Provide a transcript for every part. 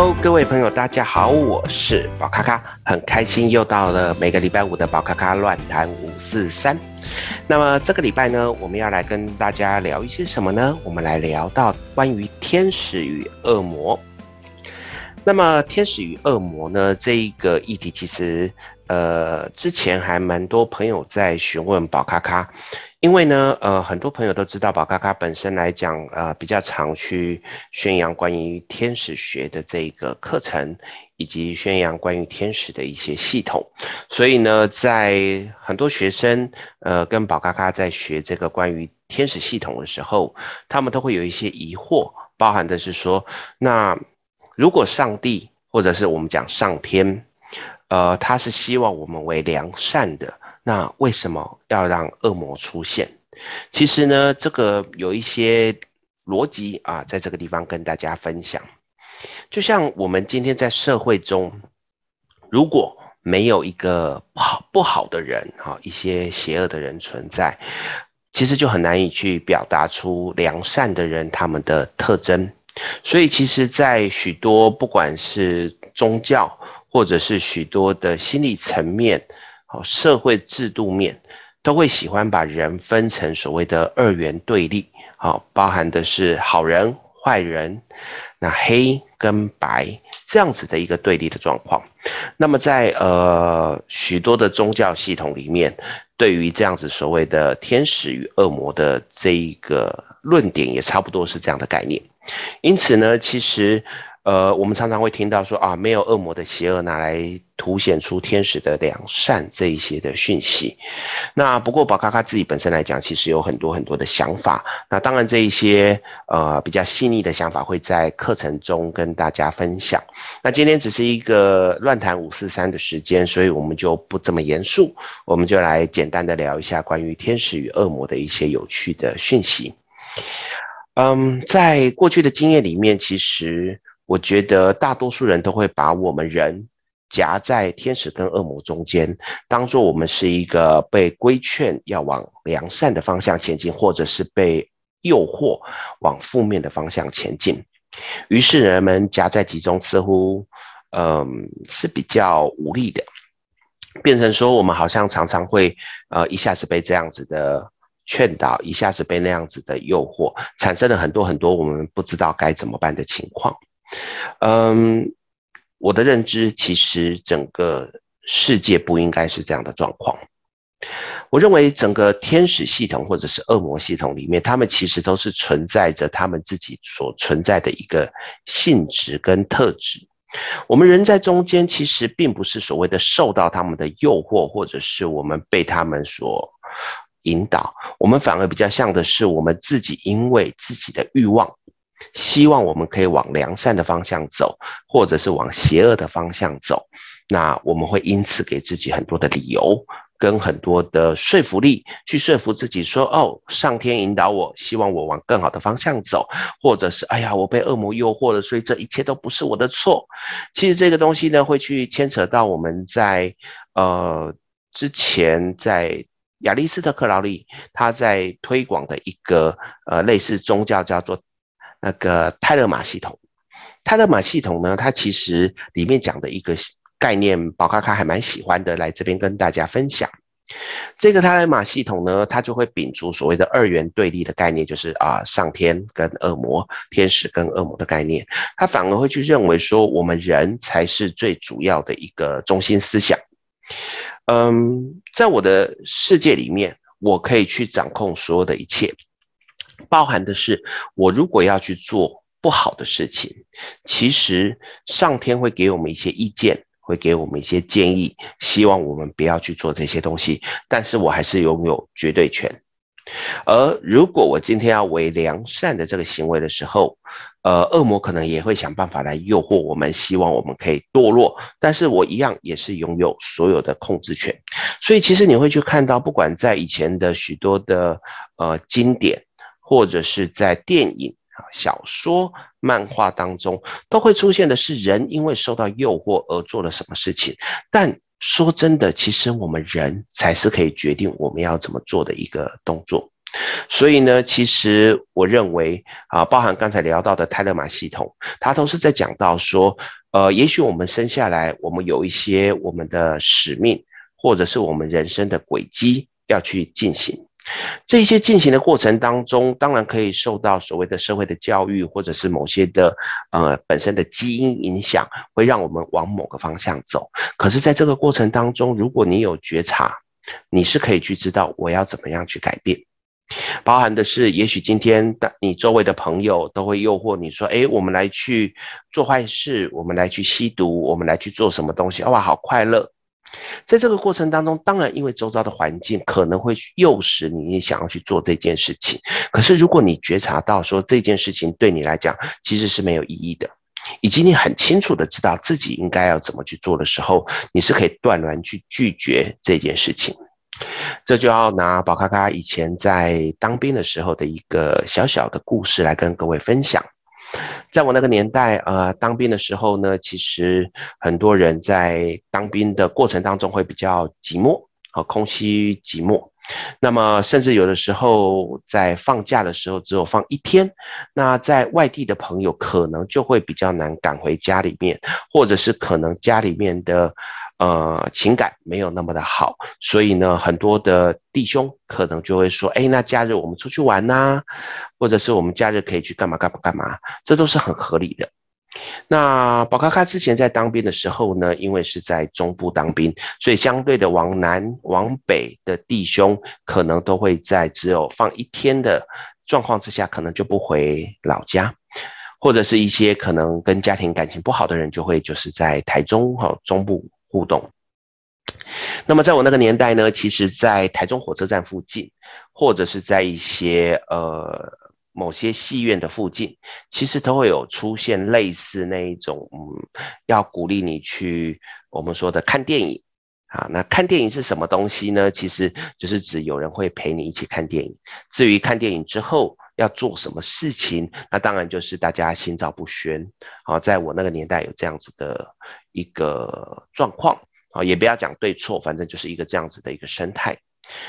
Hello, 各位朋友，大家好，我是寶咖咖，很開心又到了每個禮拜五的寶咖咖亂談五四三。那麼這個禮拜呢，我們要來跟大家聊一些什麼呢？我們來聊到關於天使與惡魔。那麼，天使與惡魔呢？這一個議題其實，呃，之前還蠻多朋友在詢問寶咖咖，因為呢，呃，很多朋友都知道寶咖咖本身來講，呃，比較常去宣揚關於天使學的這個課程，以及宣揚關於天使的一些系統，所以呢，在很多學生，呃，跟寶咖咖在學這個關於天使系統的時候，他們都會有一些疑惑，包含的是說，那，如果上帝或者是我們講上天，呃，他是希望我們為良善的，那為什麼要讓惡魔出現？其實呢，這個有一些邏輯啊，在這個地方跟大家分享。就像我們今天在社會中，如果沒有一個不好不好的人哈，啊，一些邪惡的人存在，其實就很難以去表達出良善的人他們的特徵。所以，其實，在許多不管是宗教，或者是許多的心理層面，好，社會制度面，都會喜歡把人分成所謂的二元對立，好，包含的是好人、壞人，那黑跟白這樣子的一個對立的狀況。那麼，在呃許多的宗教系統裡面，對於這樣子所謂的天使與惡魔的這一個論點，也差不多是這樣的概念。因此呢，其實，呃，我們常常會聽到說啊，沒有惡魔的邪惡拿來凸顯出天使的良善這一些的訊息。那不過寶咖咖自己本身來講，其實有很多很多的想法。那當然這一些呃比較細膩的想法會在課程中跟大家分享。那今天只是一個亂談五四三的時間，所以我們就不這麼嚴肅，我們就來簡單的聊一下關於天使與惡魔的一些有趣的訊息。嗯，um，在過去的經驗裡面，其實我覺得大多數人都會把我們人夾在天使跟惡魔中間，當做我們是一個被規勸要往良善的方向前進，或者是被誘惑往負面的方向前進。於是人們夾在其中，似乎嗯是比較無力的，變成說我們好像常常會呃一下子被這樣子的。勸導，一下子被那樣子的誘惑，產生了很多很多我們不知道該怎麼辦的情況。嗯，我的認知其實整個世界不應該是這樣的狀況。我認為整個天使系統或者是惡魔系統裡面，他們其實都是存在着他們自己所存在的一個性質跟特質。我們人在中間其實並不是所謂的受到他們的誘惑，或者是我們被他們所引導我們反而比較像的是，我們自己因為自己的慾望，希望我們可以往良善的方向走，或者是往邪惡的方向走。那我們會因此給自己很多的理由，跟很多的說服力，去說服自己說：“哦，上天引導我，希望我往更好的方向走，或者是哎呀，我被惡魔誘惑了，所以這一切都不是我的錯。”其實這個東西呢，會去牽扯到我們在呃之前在。亞歷斯特克勞利他在推廣的一個呃類似宗教，叫做那個泰勒瑪系統。泰勒瑪系統呢，它其實裡面講的一個概念，寶咖咖還蠻喜歡的，來這邊跟大家分享。這個泰勒瑪系統呢，它就會摒除所謂的二元對立的概念，就是啊上天跟惡魔、天使跟惡魔的概念，他反而會去認為說我們人才是最主要的一個中心思想。嗯，um，在我的世界裡面，我可以去掌控所有的一切，包含的是，我如果要去做不好的事情，其實上天會給我們一些意見，會給我們一些建議，希望我們不要去做這些東西，但是我還是擁有絕對權。而如果我今天要為良善的這個行為的時候，呃，惡魔可能也會想辦法來誘惑我們，希望我們可以墮落。但是我一樣也是擁有所有的控制權。所以其實你會去看到，不管在以前的許多的呃經典，或者是在電影、啊小說、漫畫當中，都會出現的是人因為受到誘惑而做了什麼事情，但，說真的，其實我們人才是可以決定我們要怎麼做的一個動作。所以呢，其實我認為啊，包含剛才聊到的泰勒瑪系統，它都是在講到說，呃，也許我們生下來，我們有一些我們的使命，或者是我們人生的軌迹要去進行。這些進行的過程當中，當然可以受到所謂的社會的教育，或者是某些的，呃，本身的基因影響，會讓我們往某個方向走。可是，在這個過程當中，如果你有覺察，你是可以去知道我要怎麼樣去改變。包含的是，也許今天你周圍的朋友都會誘惑你說：“哎、欸，我們來去做壞事，我們來去吸毒，我們來去做什麼東西，哇，好快樂。”在這個過程當中，當然，因為周遭的環境可能會去誘使你想要去做這件事情。可是，如果你覺察到說這件事情對你來講其實是沒有意義的，以及你很清楚的知道自己應該要怎麼去做的時候，你是可以斷然去拒絕這件事情。這就要拿寶咖咖以前在當兵的時候的一個小小的故事來跟各位分享。在我那個年代，呃，當兵的時候呢，其實很多人在當兵的過程當中會比較寂寞和、呃、空虛寂寞。那麼，甚至有的時候在放假的時候只有放一天，那在外地的朋友可能就會比較難趕回家裡面，或者是可能家裡面的。呃，情感沒有那麼的好，所以呢，很多的弟兄可能就會說，哎，那假日我們出去玩吶、啊，或者是我們假日可以去幹嘛幹嘛幹嘛，這都是很合理的。那寶咖咖之前在當兵的時候呢，因為是在中部當兵，所以相對的往南往北的弟兄，可能都會在只有放一天的狀況之下，可能就不回老家，或者是一些可能跟家庭感情不好的人，就會就是在台中哈、哦、中部。互動。那麼，在我那個年代呢，其實，在台中火車站附近，或者是在一些呃某些戲院的附近，其實都會有出現類似那一種，嗯，要鼓勵你去我們說的看電影。啊，那看電影是什麼東西呢？其實就是指有人會陪你一起看電影。至於看電影之後要做什麼事情，那當然就是大家心照不宣。好，在我那個年代有這樣子的一個狀況。好，也不要講對錯，反正就是一個這樣子的一個生態。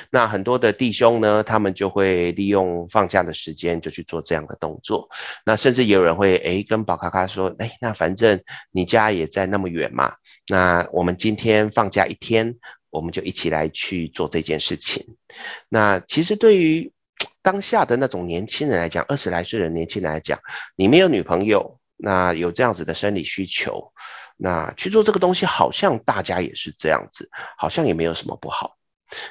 那很多的弟兄呢，他們就會利用放假的時間就去做這樣的動作。那甚至也有人會誒跟寶卡卡說，誒，那反正你家也在那麼遠嘛，那我們今天放假一天，我們就一起來去做這件事情。那其實對於當下的那種年輕人來講，二十來歲的年輕人來講，你沒有女朋友，那有這樣子的生理需求，那去做這個東西，好像大家也是這樣子，好像也沒有什麼不好。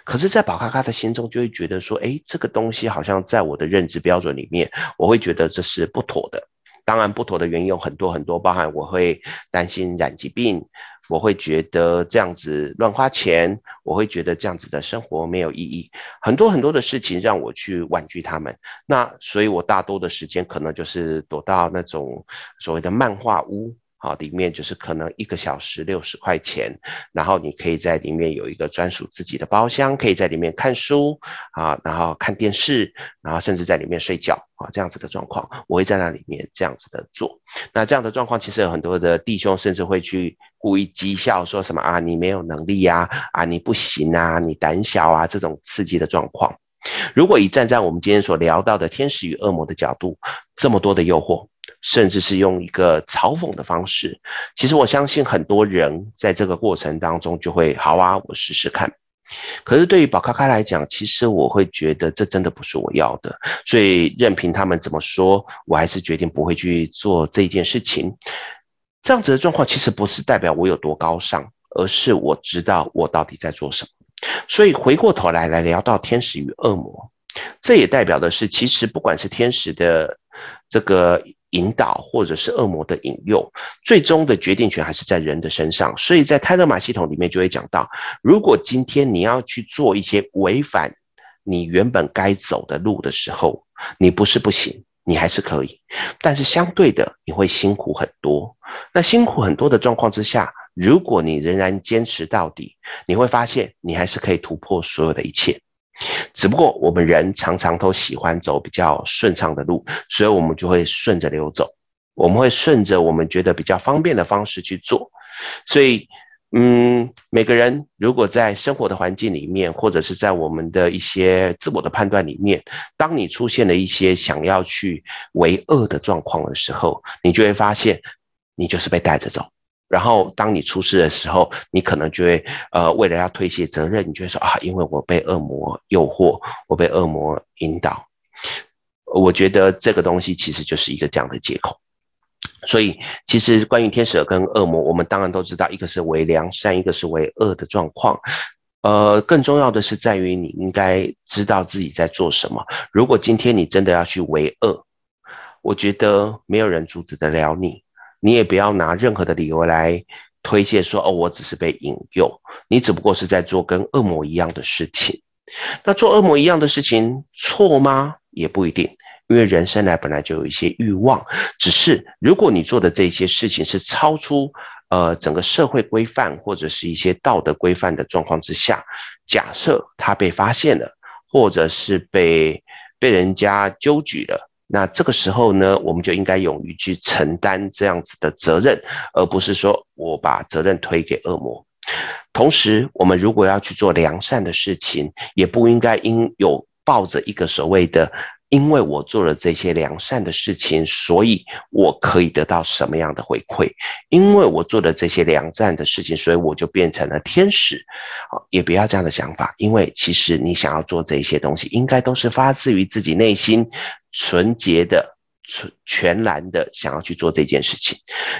可是，在寶咖咖的心中，就會覺得說，誒、欸，這個東西好像在我的認知標準裡面，我會覺得這是不妥的。當然，不妥的原因有很多很多，包含我會擔心染疾病，我會覺得這樣子亂花錢，我會覺得這樣子的生活沒有意義，很多很多的事情讓我去婉拒他們。那所以，我大多的時間可能就是躲到那種所謂的漫畫屋。好，裡面就是可能一個小時六十塊錢，然後你可以在裡面有一個專屬自己的包廂，可以在裡面看書啊，然後看電視，然後甚至在裡面睡覺啊，這樣子的狀況，我會在那裡面這樣子的做。那這樣的狀況，其實有很多的弟兄甚至會去故意譏笑，說什麼啊，你沒有能力呀，啊，你不行啊，你膽小啊，這種刺激的狀況。如果以站在我們今天所聊到的天使與惡魔的角度，這麼多的誘惑。甚至是用一個嘲諷的方式，其實我相信很多人在這個過程當中就會好啊，我試試看。可是對於寶咖咖來講，其實我會覺得這真的不是我要的，所以任憑他們怎麼說，我還是決定不會去做這件事情。這樣子的狀況其實不是代表我有多高尚，而是我知道我到底在做什麼。所以回過頭來來聊到天使與惡魔，這也代表的是，其實不管是天使的這個。引導或者是惡魔的引誘，最終的決定權還是在人的身上。所以在泰勒瑪系統裡面就會講到，如果今天你要去做一些違反你原本該走的路的時候，你不是不行，你還是可以，但是相對的你會辛苦很多。那辛苦很多的狀況之下，如果你仍然堅持到底，你會發現你還是可以突破所有的一切。只不過我們人常常都喜歡走比較順暢的路，所以我們就會順着流走，我們會順着我們覺得比較方便的方式去做。所以，嗯，每個人如果在生活的環境裡面，或者是在我們的一些自我的判斷裡面，當你出現了一些想要去為惡的狀況的時候，你就會發現，你就是被帶着走。然後，當你出事的時候，你可能就會，呃，為了要推卸責任，你就會說啊，因為我被惡魔誘惑，我被惡魔引導。我覺得這個東西其實就是一個這樣的借口。所以，其實關於天使跟惡魔，我們當然都知道，一個是為良善，一個是為惡的狀況。呃，更重要的是在於你應該知道自己在做什麼。如果今天你真的要去為惡，我覺得沒有人阻止得了你。你也不要拿任何的理由來推卸，說哦，我只是被引誘。你只不過是在做跟惡魔一樣的事情。那做惡魔一樣的事情錯嗎？也不一定，因為人生來本來就有一些慾望。只是如果你做的這些事情是超出呃整個社會規範或者是一些道德規範的狀況之下，假設他被發現了，或者是被被人家糾舉了。那這個時候呢，我們就應該勇於去承擔這樣子的責任，而不是說我把責任推給惡魔。同時，我們如果要去做良善的事情，也不應該因有抱着一個所謂的“因為我做了這些良善的事情，所以我可以得到什麼樣的回饋？因為我做了這些良善的事情，所以我就變成了天使。”啊，也不要這樣的想法，因為其實你想要做這些東西，應該都是發自於自己內心。純潔的、純全然的，想要去做這件事情，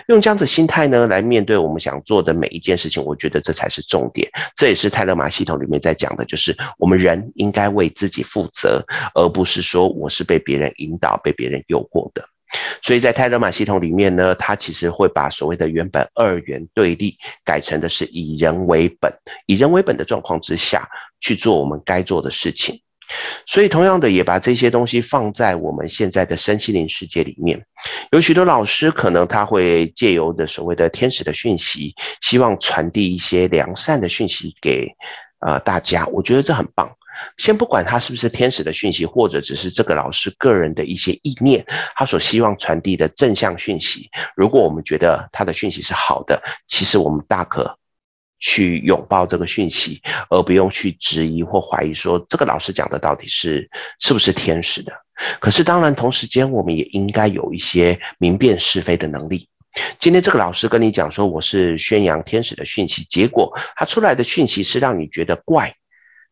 用這樣的心態呢來面對我們想做的每一件事情，我覺得這才是重點。這也是泰勒瑪系統裡面在講的，就是我們人應該為自己負責，而不是說我是被別人引導、被別人誘惑的。所以在泰勒瑪系統裡面呢，它其實會把所謂的原本二元對立改成的是以人為本。以人為本的狀況之下去做我們該做的事情。所以，同樣的，也把這些東西放在我們現在的身心靈世界裡面。有許多老師可能他會借由的所謂的天使的訊息，希望傳遞一些良善的訊息給呃大家。我覺得這很棒。先不管他是不是天使的訊息，或者只是這個老師個人的一些意念，他所希望傳遞的正向訊息。如果我們覺得他的訊息是好的，其實我們大可去擁抱這個訊息，而不用去質疑或懷疑，說這個老師講的到底是是不是天使的？可是當然，同時間我們也應該有一些明辨是非的能力。今天這個老師跟你講說我是宣揚天使的訊息，結果他出來的訊息是讓你覺得怪，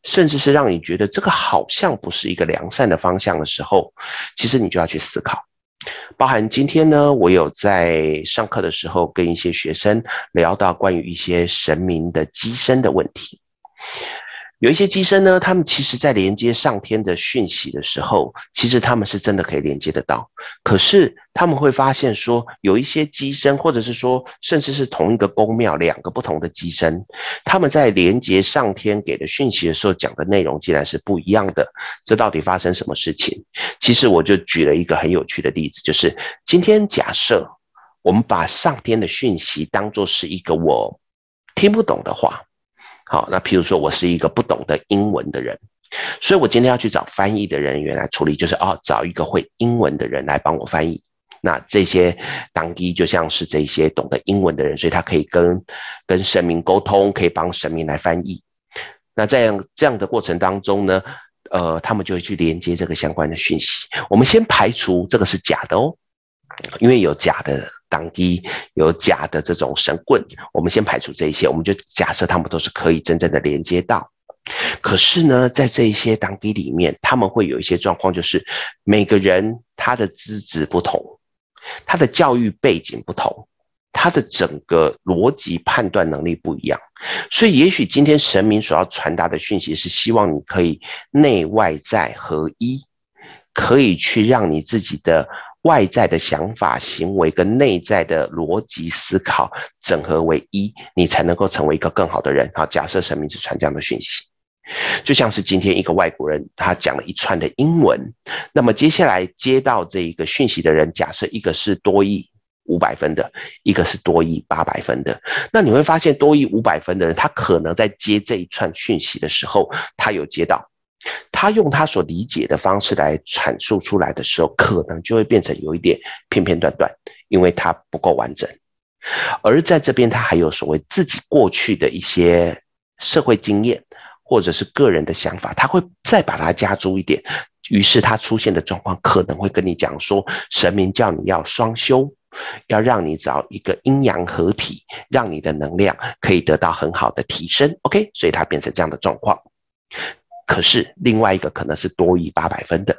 甚至是讓你覺得這個好像不是一個良善的方向的時候，其實你就要去思考。包含今天呢，我有在上課的時候跟一些學生聊到關於一些神明的乩身的問題。有一些乩身呢，他們其實在連接上天的訊息的時候，其實他們是真的可以連接得到。可是他們會發現說，有一些乩身，或者是說，甚至是同一個宮廟兩個不同的乩身，他們在連接上天給的訊息的時候，講的內容竟然是不一樣的。這到底發生什麼事情？其實我就舉了一個很有趣的例子，就是今天假設我們把上天的訊息當作是一個我聽不懂的話。好，那譬如說我是一個不懂得英文的人，所以我今天要去找翻譯的人員來處理，就是哦，找一個會英文的人來幫我翻譯。那這些童乩就像是這些懂得英文的人，所以他可以跟跟神明溝通，可以幫神明來翻譯。那這樣這樣的過程當中呢，呃，他們就會去連接這個相關的訊息。我們先排除這個是假的哦。因為有假的童乩，有假的這種神棍，我們先排除這一些，我們就假設他們都是可以真正的連接到。可是呢，在這一些童乩裡面，他們會有一些狀況，就是每個人他的資質不同，他的教育背景不同，他的整個邏輯判斷能力不一樣。所以，也許今天神明所要傳達的訊息是希望你可以內外在合一，可以去讓你自己的。外在的想法、行為跟內在的邏輯思考整合為一，你才能夠成為一個更好的人。好，假設神明是傳這樣的訊息，就像是今天一個外國人他講了一串的英文，那麼接下來接到這一個訊息的人，假設一個是多益五百分的，一個是多益八百分的，那你會發現多益五百分的人，他可能在接這一串訊息的時候，他有接到。他用他所理解的方式來闡述出來的時候，可能就會變成有一點片片段段，因為他不夠完整。而在這邊，他還有所謂自己過去的一些社會經驗，或者是個人的想法，他會再把它加注一點。於是他出現的狀況可能會跟你講說，神明叫你要雙修，要讓你找一個陰陽合體，讓你的能量可以得到很好的提升。OK，所以他變成這樣的狀況。可是另外一個可能是多於八百分的，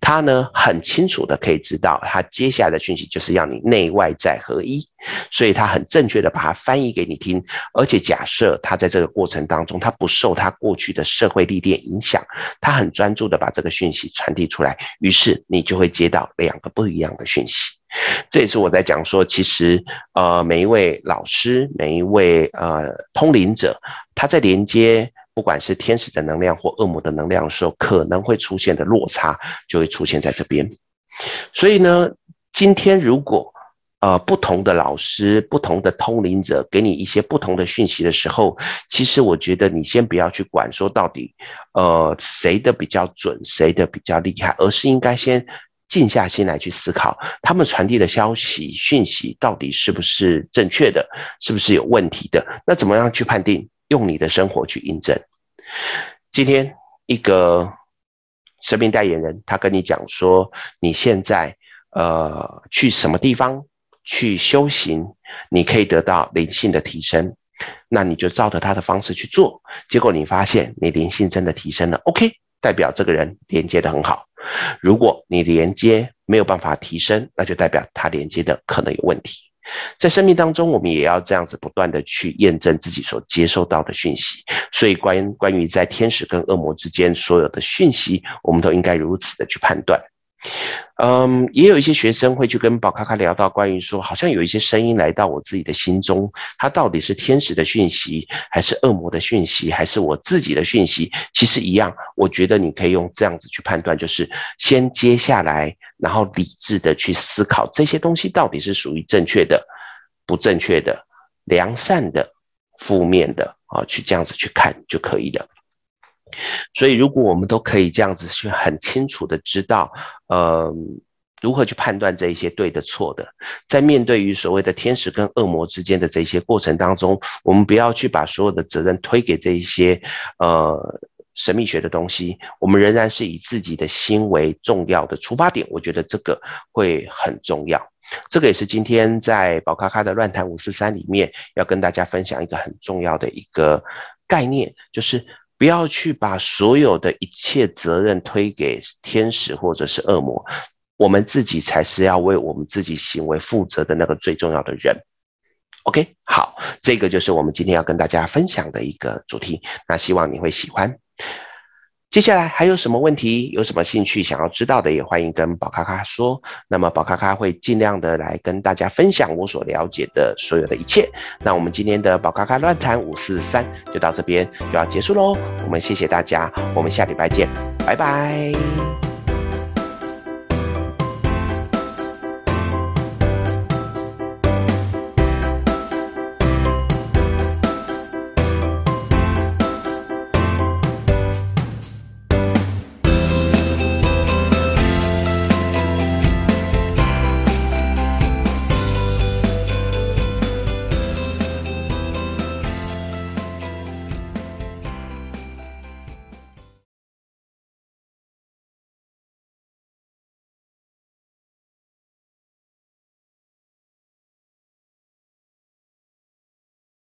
他呢，很清楚的可以知道，他接下來的訊息就是要你內外在合一，所以他很正確的把它翻譯給你聽。而且假設他在這個過程當中，他不受他過去的社會歷練影響，他很專注的把這個訊息傳遞出來，於是你就會接到兩個不一樣的訊息。這也是我在講說，其實呃每一位老師，每一位呃通靈者，他在連接。不管是天使的能量或惡魔的能量的時候，可能會出現的落差就會出現在這邊。所以呢，今天如果呃不同的老師、不同的通靈者給你一些不同的訊息的時候，其實我覺得你先不要去管說到底呃誰的比較準，誰的比較厲害，而是應該先靜下心來去思考，他們傳遞的消息訊息到底是不是正確的，是不是有問題的？那怎麼樣去判定？用你的生活去印證。今天一個生命代言人，他跟你講說，你現在呃去什麼地方去修行，你可以得到靈性的提升。那你就照着他的方式去做，結果你發現你靈性真的提升了，OK，代表這個人連接的很好。如果你連接沒有辦法提升，那就代表他連接的可能有問題。在生命當中，我們也要這樣子不斷的去驗證自己所接受到的訊息。所以，關關於在天使跟惡魔之間所有的訊息，我們都應該如此的去判斷。嗯，也有一些學生會去跟寶咖咖聊到關，關於說，好像有一些聲音來到我自己的心中，它到底是天使的訊息，還是惡魔的訊息，還是我自己的訊息？其實一樣，我覺得你可以用這樣子去判斷，就是先接下來，然後理智的去思考這些東西到底是屬於正確的、不正確的、良善的、負面的啊，去這樣子去看就可以了。所以，如果我們都可以這樣子去很清楚地知道，呃，如何去判斷這一些對的錯的，在面對於所謂的天使跟惡魔之間的這些過程當中，我們不要去把所有的責任推給這一些呃神秘學的東西，我們仍然是以自己的心為重要的出發點。我覺得這個會很重要，這個也是今天在寶咖咖的亂談五四三裡面要跟大家分享一個很重要的一個概念，就是。不要去把所有的一切責任推給天使或者是惡魔，我們自己才是要為我們自己行為負責的那個最重要的人。OK，好，這個就是我們今天要跟大家分享的一個主題，那希望你會喜歡。接下來還有什麼問題？有什麼興趣想要知道的，也歡迎跟寶咖咖說。那麼寶咖咖會盡量的來跟大家分享我所了解的所有的一切。那我們今天的寶咖咖亂談五四三就到這邊就要結束嘍。我們謝謝大家，我們下禮拜見，拜拜。